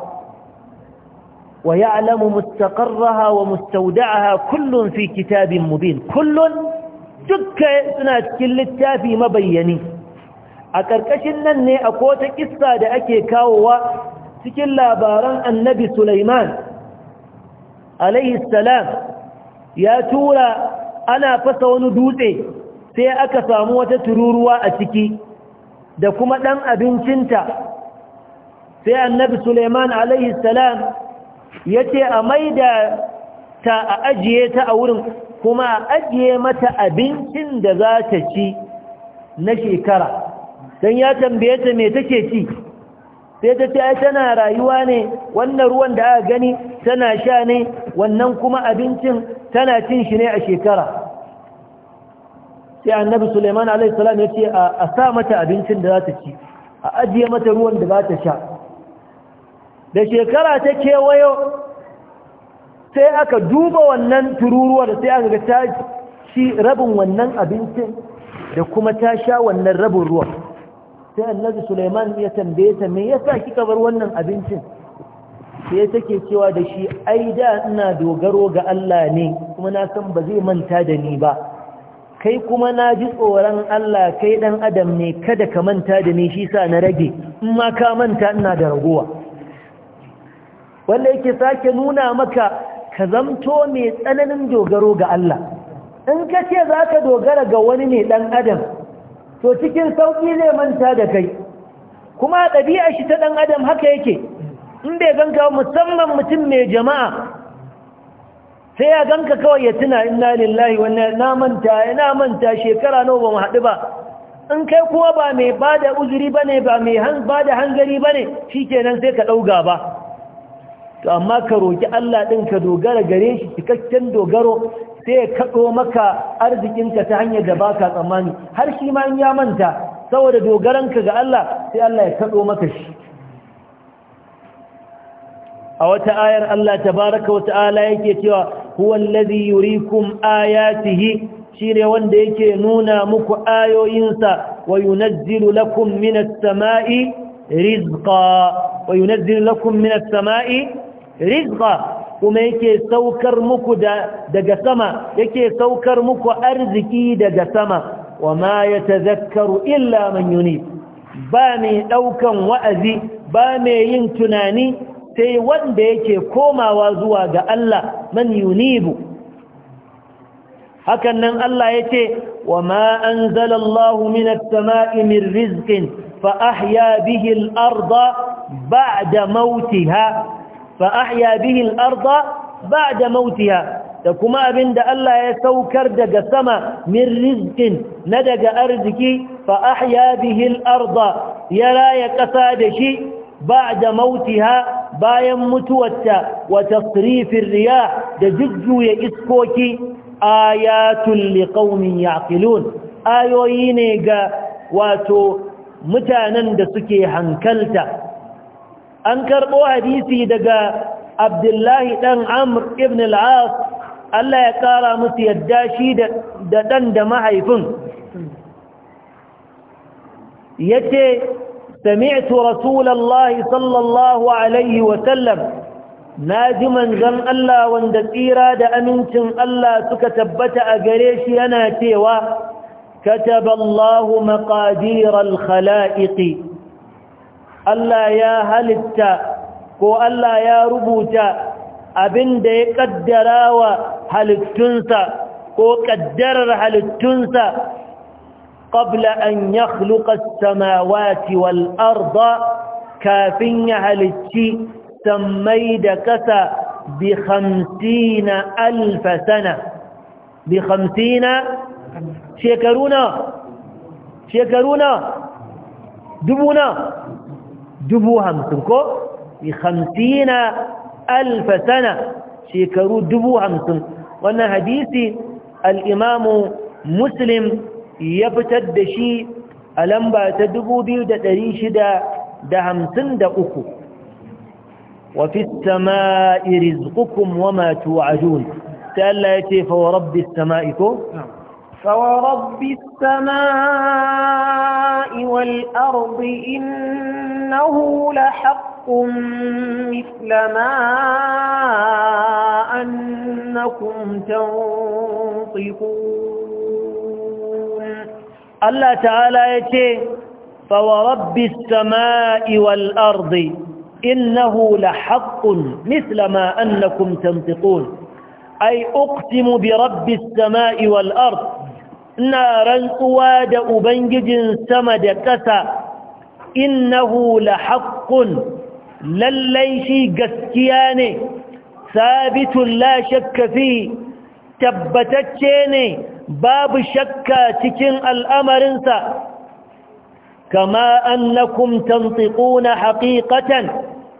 wa alamu mustaƙarraha wa mustawda'aha kullun fi kitabin mubin kullun dukka suna cikin littafi mabayyani a ƙarƙashin nan ne a kota kissa da ake kawowa cikin labaran annabi Sulaiman alaihi salam ya tura ana fasa wani dutse sai aka samu wata tururuwa a ciki da kuma ɗan abincinta sai annabi suleiman alaihi salam ya ce a maida ta a ajiye ta a wurin kuma a ajiye mata abincin da za ta ci na shekara don ya tambaye ta mai take ci sai ta ce tana rayuwa ne wannan ruwan da aka gani tana sha ne wannan kuma abincin tana cin shi ne a shekara sai annabi suleiman alaihissalam ya ce a sa mata abincin da za ta ci a ajiye mata ruwan da za ta sha da shekara ta kewayo sai aka duba wannan tururuwar sai aka ga ta ci rabin wannan abincin da kuma ta sha wannan rabin ruwan sai annabi suleiman ya tambaye ta me yasa kika bar wannan abincin sai take cewa da shi ai da ina dogaro ga Allah ne kuma na san ba zai manta da ni ba kai kuma na ji tsoron Allah kai dan adam ne kada ka manta da ni shi sa na rage in ma ka manta ina da ragowa wanda yake sake nuna maka ka zamto mai tsananin dogaro ga Allah in ka ce za ka dogara ga wani ne ɗan adam to cikin sauƙi zai manta da kai kuma ɗabi'a shi ta ɗan adam haka yake in bai ganka musamman mutum mai jama'a sai ya ganka kawai ya tuna inna lillahi wannan na manta yana manta shekara nawa ba haɗu ba in kai kuma ba mai ba da uzuri ba ne ba mai ba da hangari ba ne shi kenan sai ka ɗauga ba to amma ka roƙi Allah ɗin ka dogara gare shi cikakken dogaro sai ya kaɗo maka arzikinka ta hanyar da baka tsammani har shi ma in ya manta saboda dogaranka ga Allah sai Allah ya kaɗo maka shi a wata ayar Allah tabaraka wa ta'ala yake cewa huwa allazi yurikum ayatihi shine wanda yake nuna muku ayoyinsa wa yunazzilu lakum minas samai rizqa wa yunazzilu lakum minas samai rizqa kuma yake saukar muku daga sama yake saukar muku arziki daga sama wa ma yatazakkaru illa man yunib ba mai daukan wa'azi ba mai yin tunani sai wanda yake komawa zuwa ga Allah man yunibu hakan nan Allah yace wa ma anzalallahu minas sama'i min rizqin fa ahya bihi al-ardha ba'da mautiha fa ahya bihi al-ardha ba'da mautiha da kuma abinda Allah ya saukar daga sama min rizqin na daga arziki fa ahya bihi al-ardha ya raya kasa da shi ba'da mautiha bayan mutuwarta wa tasrifir riyah da jujjuya iskoki ayatul liqaumin yaqilun ayoyi ne ga wato mutanen da suke hankalta an karbo hadisi daga abdullahi dan amr ibn al-as Allah ya kara musu yadda shi da dan da mahaifin yace سمعت رسول الله صلى الله عليه وسلم ناجي منزن الله وند تيرا دا امنتين الله سكتبت اغريش ينا تيوا كتب الله مقادير الخلائق الله يا هلتا كو الله يا ربوتا abin da ya kaddara wa halittunsa ko kaddarar halittunsa قبل أن يخلق السماوات والأرض كافين الشيء سميد كسا بخمسين ألف سنة بخمسين شكرونا شكرونا دبونا دبو همسنكو بخمسين ألف سنة شكرو دبو همسن وأن حديث الإمام مسلم ya fitar da shi a lamba ta 2653 wafi sama'i rizqukum wama tu'adun ta Allah ya ce fa rabbi sama'i ko فورب السماء والأرض إنه لحق مثل ما أنكم تنطقون الله تعالى يتي فورب السماء والأرض إنه لحق مثل ما أنكم تنطقون أي أقسم برب السماء والأرض نارا أواد أبنجج سمد كسى إنه لحق لليشي قسكياني ثابت لا شك فيه تبتتشيني babu shakka cikin al'amarinsa kama annakum na haƙiƙatan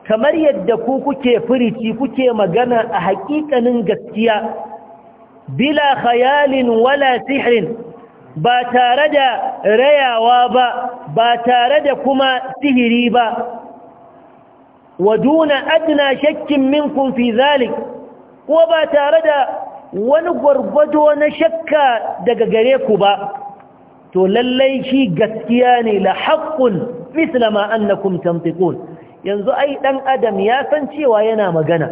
kamar yadda ku kuke firici kuke magana a haƙiƙanin gaskiya bila khayalin wala sihrin ba tare da rayawa ba ba tare da kuma sihiri ba wa duna adna shakkin minkun fi zalik ko ba tare da wani gwargwado na shakka daga gare ku ba to lallai shi gaskiya ne la haqqun misla ma annakum tantiqun yanzu ai dan adam ya san cewa yana magana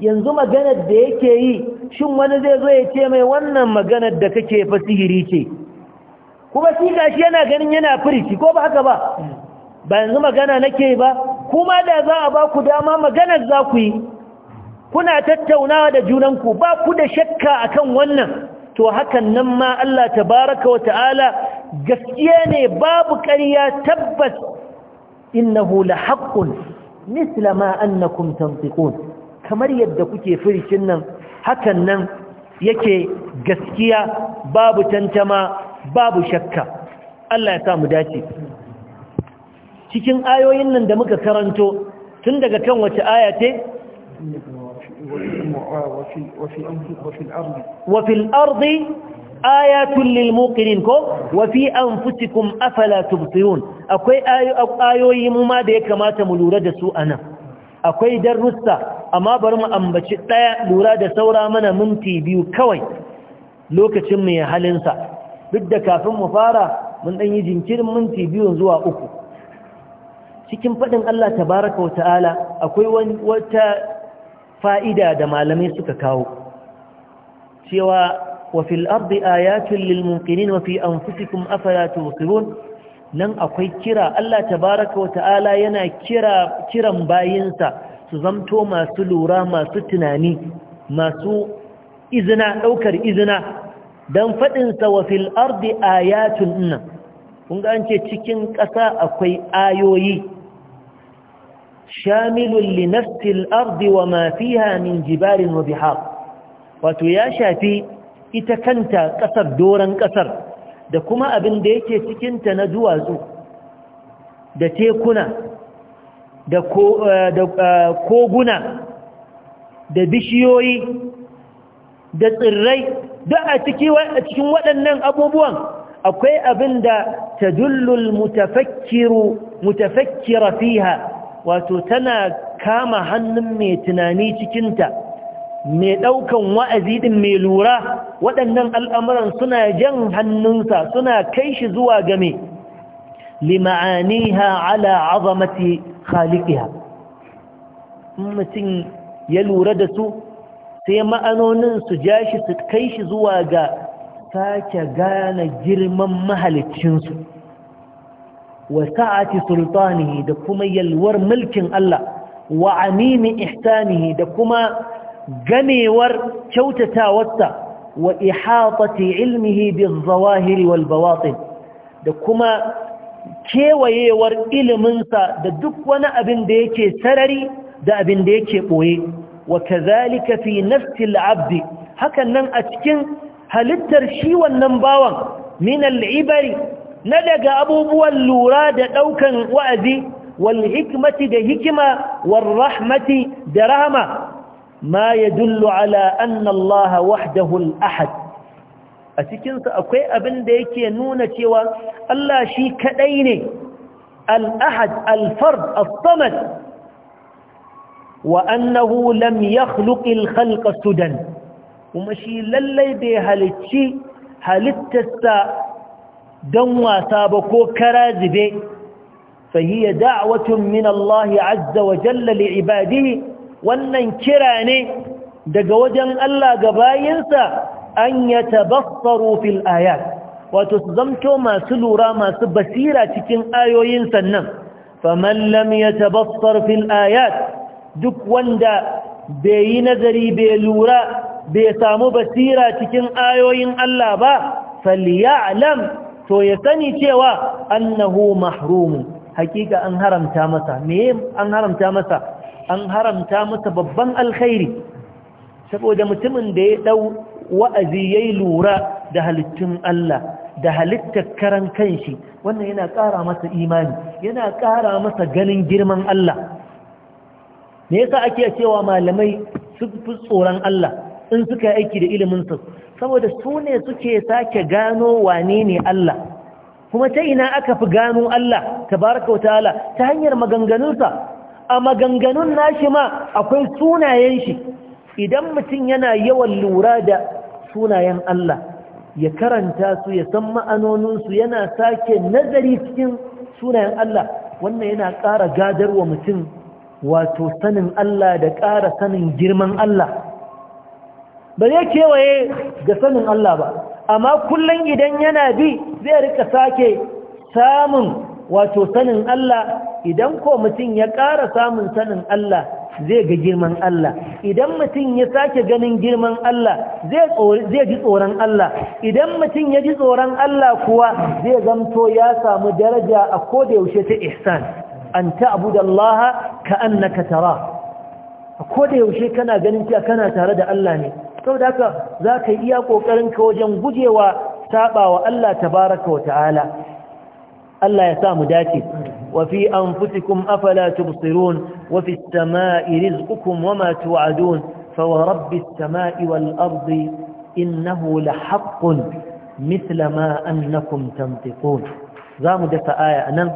yanzu maganar da yake yi shin wani zai zo ya ce mai wannan maganar da kake fasihiri ce kuma shi gashi yana ganin yana firici ko ba haka ba ba yanzu magana nake ba kuma da za a ba ku dama maganar za ku yi kuna tattaunawa da junanku ba ku da shakka akan wannan to hakan nan ma Allah tabaraka wa ta'ala gaskiya ne babu ƙarya tabbas innahu hula misla ma annakum tantiqun kamar yadda kuke furcin nan hakan nan yake gaskiya babu tantama babu shakka Allah ya sa mu dace cikin ayoyin nan da muka karanto tun daga kan wace aya ce وفي وفي وفي الارض وفي الارض آيات للموقنين كو وفي أنفسكم أفلا تبصرون أكوي آيوي مما دي كما تملور دسو أنا أكوي درسة أما برم أنبتش تايا لورا دسورا من منتي بيو كوي لوك تشمي حلنسا بدك كافم مفارا من أن يجنكر منتي بيو زوا أكو cikin faɗin Allah tabaraka wa ta'ala akwai wata fa'ida da malamai suka kawo cewa wa fil ardi ayatun lil munkinin wa fi anfusikum afala nan akwai kira Allah tabaraka wa ta'ala yana kiran bayinsa su zamto masu lura masu tunani masu izina ɗaukar izina don faɗinsa wa fil ardi ayatun nan kun an ce cikin ƙasa akwai ayoyi شامل لنفس الأرض وما فيها من جبال وبحار shafi في إتكنت قصر دورا قصر da kuma abin da yake cikinta na duwatsu da tekuna da eh, eh, koguna da bishiyoyi da tsirrai da a cikin waɗannan abubuwan akwai abin da ta dullul mutafakkira fiha wato tana kama hannun mai tunani cikinta mai ɗaukan wa'azi ɗin mai lura waɗannan al'amuran suna jan hannunsa suna kai shi zuwa game lima'aniha ala azamati khaliqiha mutum ya lura da su sai ma'anonin su ja shi su kai shi zuwa ga sake gane girman mahalicinsu wa sa'ati sultanihi da kuma yalwar mulkin Allah wa amimi ihsanihi da kuma gamewar kyautatawarsa wa ihatati ilmihi bizawahiri wal bawatin da kuma kewayewar iliminsa da duk wani abin da yake sarari da abin da yake boye wa kazalika fi nafsi al-abd hakan nan a cikin halittar shi wannan bawan min al-ibari na daga abubuwan lura da ɗaukan wa'azi wal hikmati da hikima wal rahmati da rahama ma ya dullu ala annallaha Allah wahdahul ahad a cikinsa akwai abin da yake nuna cewa Allah shi kaɗai ne al'ahad alfard al-samad wa annahu lam yakhluqil halka sudan kuma shi lallai bai halicci halittarsa don wasa ba ko kara zube fahiyya da'awatun min Allah azza wa jalla ibadihi wannan kira ne daga wajen Allah ga bayinsa an ya fil ayat wato su zamto masu lura masu basira cikin ayoyin sannan faman lam yatabassar fil ayat duk wanda bai yi nazari bai lura bai samu basira cikin ayoyin Allah ba falyalam to ya sani cewa annahu mahrumu hakika an haramta masa me an haramta masa an haramta masa babban alkhairi saboda mutumin da ya dau wa'azi yayi lura da halittun Allah da halittar karan kanshi wannan yana ƙara masa imani yana ƙara masa ganin girman Allah me yasa ake cewa malamai su fi tsoron Allah in suka aiki da iliminsu? saboda su ne suke sake gano wane ne Allah kuma ta ina aka fi gano Allah tabaraka wa ta hanyar maganganunsa a maganganun nashi ma akwai sunayen shi idan mutum yana yawan lura da sunayen Allah ya karanta su ya san ma'anoninsu yana sake nazari cikin sunayen Allah wannan yana ƙara wa mutum wato sanin Allah da ƙara sanin girman Allah ba zai kewaye ga sanin Allah ba amma kullum idan yana bi zai rika sake samun wato sanin Allah idan ko mutum ya ƙara samun sanin Allah zai ga girman Allah idan mutum ya sake ganin girman Allah zai ji tsoron Allah idan mutum ya ji tsoron Allah kuwa zai zamto ya samu daraja a kodayaushe ta ihsan an ka annaka tara a kodayaushe kana ganin cewa kana tare da Allah ne sau da haka za ka iya ƙoƙarin ka wajen gujewa taɓawa Allah ta baraka wa Allah ya samu dace wafi an fusi kuma afala tubsirun wafi tama iris ukun wama tu’adun fawon rabbi tama iwal arzi innahu la haƙƙun mislama an na kuntantikun za mu dafa aya nan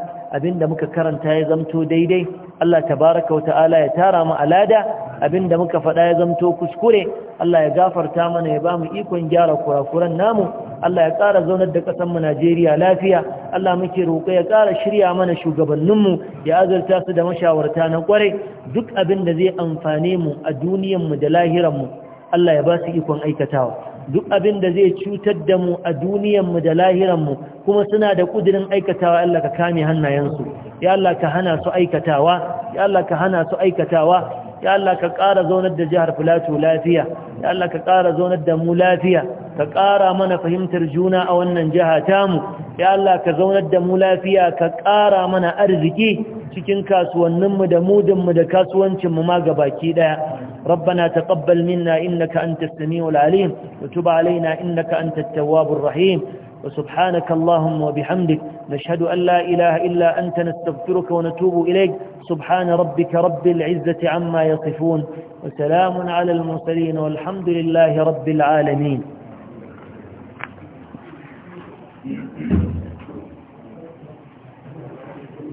da muka karanta ya zamto daidai Allah tabaraka wa ta'ala ya tara mu alada abinda muka faɗa ya zamto kuskure Allah ya gafarta mana ya ba mu ikon gyara kurakuran namu Allah ya ƙara zaunar da ƙasar mu Najeriya lafiya Allah muke roƙo ya ƙara shirya mana shugabanninmu ya azurta su da mashawarta na ƙware duk abin da zai amfane mu a duniyar mu da lahiran mu Allah ya ba su ikon aikatawa duk abin da zai cutar da mu a duniyanmu da lahiranmu kuma suna da kudirin aikatawa Allah ka kame hannayensu ya Allah ka hana su aikatawa ya Allah ka hana su aikatawa ya Allah ka ƙara zaunar da jihar Filato lafiya ya Allah ka ƙara zaunar da mu lafiya ka ƙara mana fahimtar juna a wannan jiha tamu ya Allah ka zaunar da mu lafiya ka ƙara mana arziki cikin kasuwanninmu da mudinmu da kasuwancinmu ma gabaki ɗaya ربنا تقبل منا إنك أنت السميع العليم وتب علينا إنك أنت التواب الرحيم وسبحانك اللهم وبحمدك نشهد أن لا إله إلا أنت نستغفرك ونتوب إليك سبحان ربك رب العزة عما يصفون وسلام على المرسلين والحمد لله رب العالمين Thank you.